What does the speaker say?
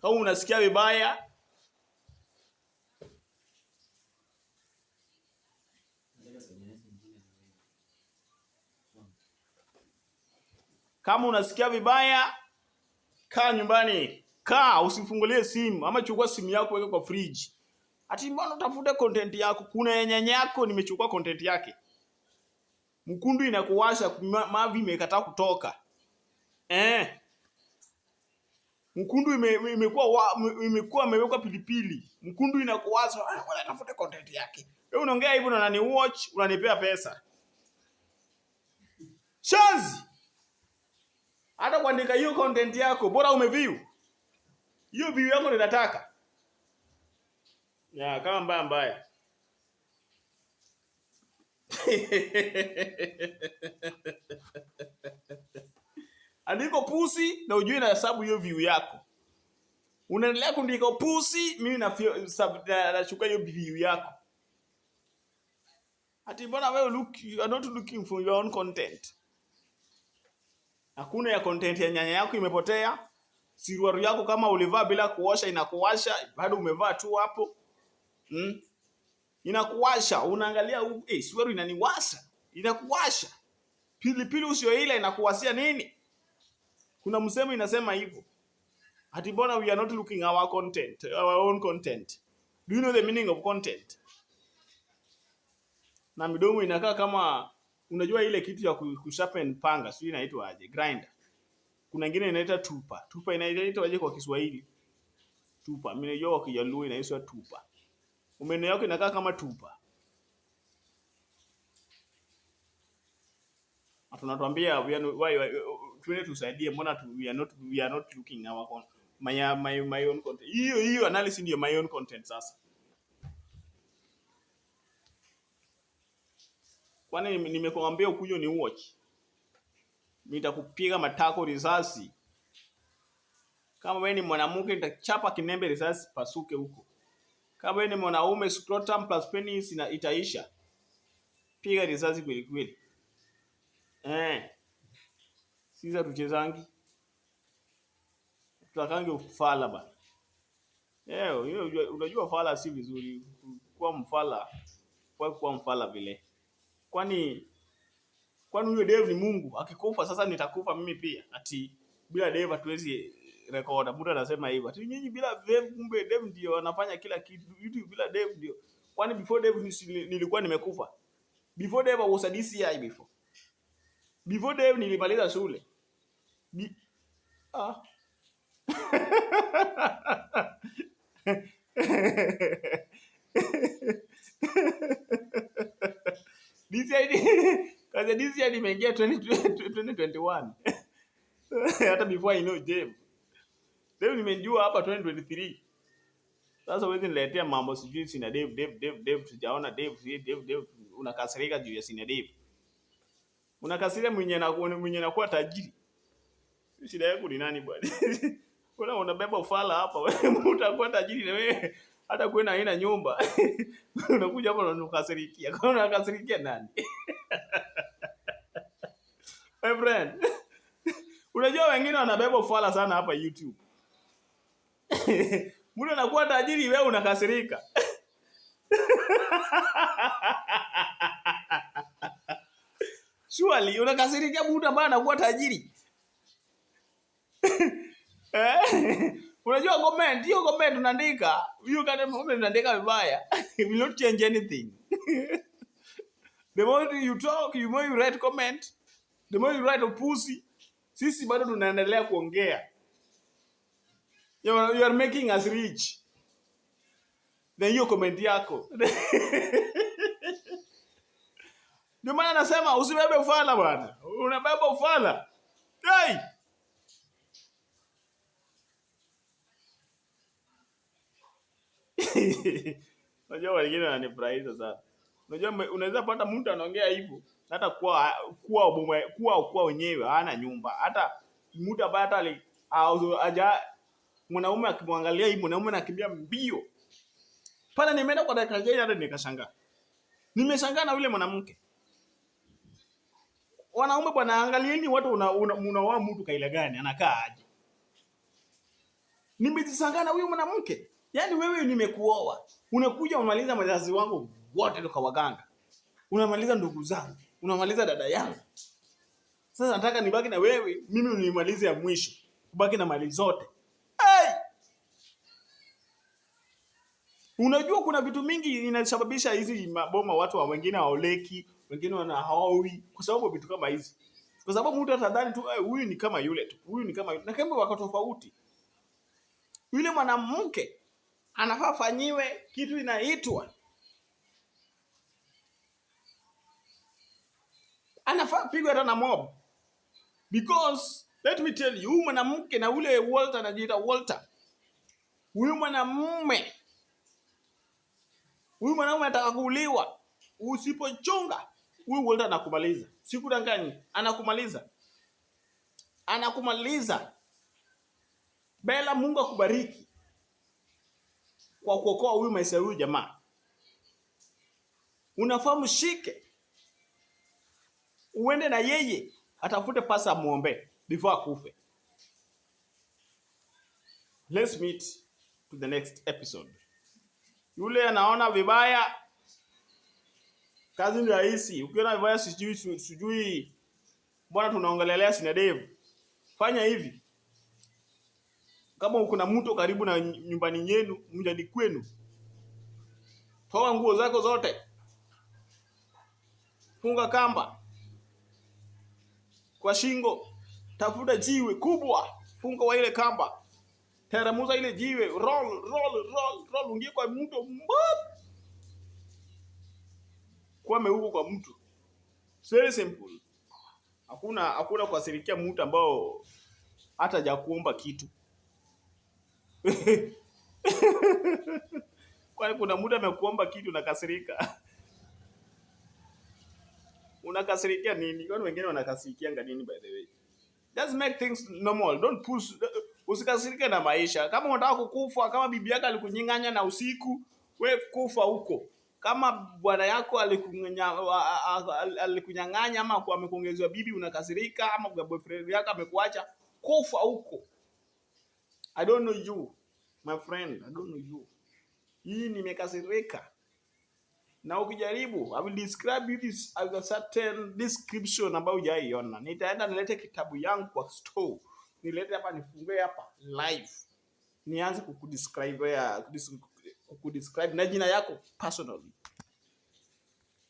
kama unasikia vibaya kama unasikia vibaya, kaa nyumbani, kaa usifungulie simu, ama chukua simu yako weka kwa fridge. Ati mbona utafute content yako? Kuna yenye yako nimechukua content yake, mkundu inakuwasha mavi imekataa kutoka eh. Mkundu imekuwa imekuwa imewekwa pilipili. Mkundu inakuwaza, ah, ngoja tafute content yake. Wewe unaongea hivyo na nani watch, unanipea pesa. Shanzi. Hata kuandika hiyo content yako bora umeview. Hiyo view yako ninataka. Ya kama mbaya mbaya. andiko pusi na ujui na hesabu hiyo view yako. Unaendelea kuandika pusi, mimi nachukua hiyo view yako. Ati mbona wewe look you are not looking for your own content. Hakuna ya content ya nyanya yako imepotea. Siruaru yako kama ulivaa bila kuosha inakuwasha, bado umevaa tu hapo. Mm. Inakuwasha, unaangalia eh, siruaru inaniwasha, inakuwasha. Pilipili usioila inakuwasia nini? Kuna msemo inasema hivyo. Ati bona we are not looking our content, our own content. Do you know the meaning of content? Na midomo inakaa kama unajua ile kitu ya kusharpen panga, sio inaitwa aje? Grinder. Kuna nyingine inaitwa tupa. Tupa inaitwa aje kwa Kiswahili? Tupa. Mimi najua kwa Kijaluo inaitwa tupa. Umeno yako inakaa kama tupa. Tunatuambia why, why, tuende tusaidie, mbona tu, we are not, we are not looking our own my, my, my own content. Hiyo hiyo analysis ndio my own content sasa. Kwani nimekuambia ukujo ni watch, Mimi nitakupiga matako risasi. Kama wewe ni mwanamke, nitachapa kinembe risasi pasuke huko. Kama wewe ni mwanaume, scrotum plus penis itaisha, piga risasi kweli kweli, eh. Sisi hatuchezangi, tutakange ufala bana. Leo eh, unajua, unajua fala si vizuri kwa mfala kwa kwa mfala vile. Kwani kwani huyo Dave ni Mungu? Akikufa sasa nitakufa mimi pia. Ati bila Dave hatuwezi rekoda. Mtu anasema hivyo. Ati nyinyi bila Dave, kumbe Dave ndio anafanya kila kitu. YouTube bila Dave ndio. Kwani before Dave nilikuwa nimekufa? Before Dave I was a DCI before. Before Dave nilimaliza shule. Bi... Ah. Kwanza this year nimeingia 2021. Hata before I know Dave. Dave nimejua hapa 2023. Sasa wewe niletea mambo sijui sina Dave Dave Dave Dave tujaona Dave Dave Dave Dave, unakasirika juu ya sina Dave. Unakasirika mwenye na mwenye na kuwa tajiri. Shida yako ni nani bwana? Kuna unabeba ufala hapa wewe, utakuwa tajiri na wewe hata kwenda haina nyumba. Unakuja hapa unakasirikia. Kwa nini unakasirikia nani? My friend. Unajua wengine wanabeba ufala sana hapa YouTube. Mtu anakuwa tajiri wewe unakasirika. Surely unakasirikia mtu ambaye anakuwa tajiri eh? Unajua comment, hiyo comment unaandika, you can comment unaandika vibaya. It will not change anything. the more you talk, the more you write comment, the more you write a pussy. sisi bado tunaendelea kuongea. You are, you are making us rich. Then hiyo comment yako. Ndio maana nasema usibebe ufala bwana. Unabeba ufala. Unajua wengine wananifurahisha sana. Unajua unaweza pata mtu anaongea hivyo hata kwa kwa boma kwa kwa wenyewe hana nyumba. Hata mtu ambaye hata aja mwanaume akimwangalia hivi mwanaume anakimbia mbio. Pale nimeenda kwa dakika gani hata nikashangaa. Nimeshangaa na yule mwanamke. Wanaume bwana, angalieni watu una, una, una mtu kaila gani anakaa aje. Nimejisangaa na huyu mwanamke. Yaani wewe nimekuoa, unakuja unamaliza wazazi wangu wote kwa waganga, unamaliza ndugu zangu, unamaliza dada yangu. Sasa nataka nibaki na wewe, mimi unimalize ya mwisho, ubaki na mali zote. Hey! Unajua kuna vitu mingi inasababisha hizi maboma, watu wa wengine waoleki, wengine wanahawi kwa sababu vitu kama hizi, kwa sababu mtu atadhani tu eh, huyu hey, ni kama yule tu, huyu ni kama yule, na kama wako tofauti. Yule mwanamke anafaa fanyiwe kitu inaitwa anafaa pigwe hata na mob because let me tell you, huyu mwanamke na ule Walter anajiita Walter, huyu mwanamume huyu mwanamume anataka kuuliwa. Usipochunga huyu Walter anakumaliza, sikudanganyi, anakumaliza, anakumaliza. Bela, Mungu akubariki kwa kuokoa huyu maisha huyu jamaa. Unafahamu shike. uende na yeye atafute pasa muombe before akufe. Let's meet to the next episode. Yule anaona vibaya kazi ni rahisi. Ukiona vibaya sijui sijui, mbona tunaongelelea sinadevu, fanya hivi kama uko na mto karibu na nyumbani yenu nyumbani kwenu, toa nguo zako zote, funga kamba kwa shingo, tafuta jiwe kubwa, funga wa ile kamba, teremuza ile jiwe, roll roll roll roll, ungie kwa mto mbop, kwa huko kwa mtu. Very simple, hakuna hakuna kuasirikia mtu ambao hata jakuomba kitu kwa Kwani kuna muda amekuomba kitu unakasirika? Unakasirikia nini? Kwani wengine wanakasirikianga nini by the way? Just make things normal. Don't push. Usikasirike na maisha. Kama unataka kukufa, kama bibi yako alikunyang'anya na usiku, we kufa huko. Kama bwana yako alikunyang'anya ama amekuongezwa bibi, unakasirika ama boyfriend yako amekuacha, kufa huko. I don't know you my friend, I don't know you. Hii nimekasirika na ukijaribu, I will describe you this as a certain description ambayo hujaiona. Nitaenda nilete kitabu yangu kwa store, nilete hapa, nifungue hapa live, nianze kukudescribe kukudescribe eh, na jina yako personally.